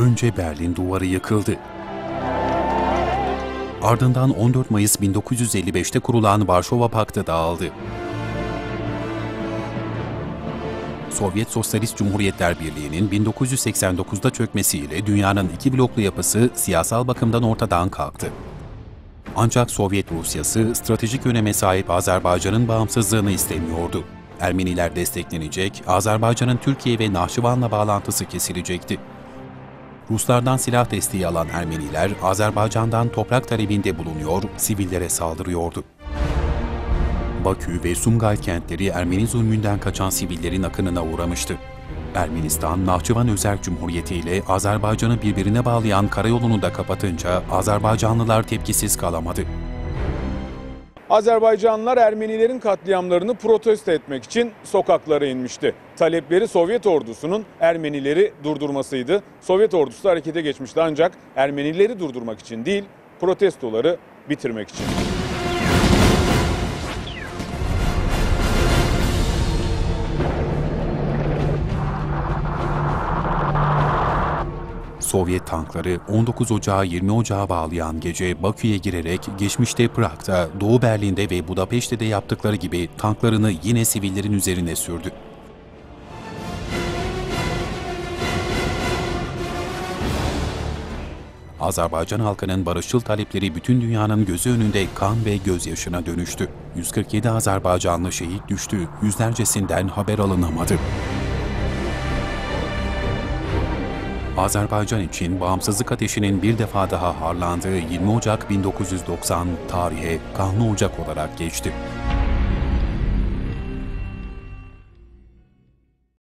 önce Berlin duvarı yıkıldı. Ardından 14 Mayıs 1955'te kurulan Varşova Paktı dağıldı. Sovyet Sosyalist Cumhuriyetler Birliği'nin 1989'da çökmesiyle dünyanın iki bloklu yapısı siyasal bakımdan ortadan kalktı. Ancak Sovyet Rusyası stratejik öneme sahip Azerbaycan'ın bağımsızlığını istemiyordu. Ermeniler desteklenecek, Azerbaycan'ın Türkiye ve Nahçıvan'la bağlantısı kesilecekti. Ruslardan silah desteği alan Ermeniler Azerbaycan'dan toprak talebinde bulunuyor, sivillere saldırıyordu. Bakü ve Sumgayit kentleri Ermeni zulmünden kaçan sivillerin akınına uğramıştı. Ermenistan, Nahçıvan Özerk Cumhuriyeti ile Azerbaycan'ı birbirine bağlayan karayolunu da kapatınca Azerbaycanlılar tepkisiz kalamadı. Azerbaycanlılar Ermenilerin katliamlarını protesto etmek için sokaklara inmişti. Talepleri Sovyet ordusunun Ermenileri durdurmasıydı. Sovyet ordusu harekete geçmişti ancak Ermenileri durdurmak için değil, protestoları bitirmek için. Sovyet tankları 19 Ocağı 20 Ocağı bağlayan gece Bakü'ye girerek geçmişte Prag'da, Doğu Berlin'de ve de yaptıkları gibi tanklarını yine sivillerin üzerine sürdü. Azerbaycan halkının barışçıl talepleri bütün dünyanın gözü önünde kan ve gözyaşına dönüştü. 147 Azerbaycanlı şehit düştü, yüzlercesinden haber alınamadı. Azerbaycan için bağımsızlık ateşinin bir defa daha harlandığı 20 Ocak 1990 tarihe kanlı Ocak olarak geçti.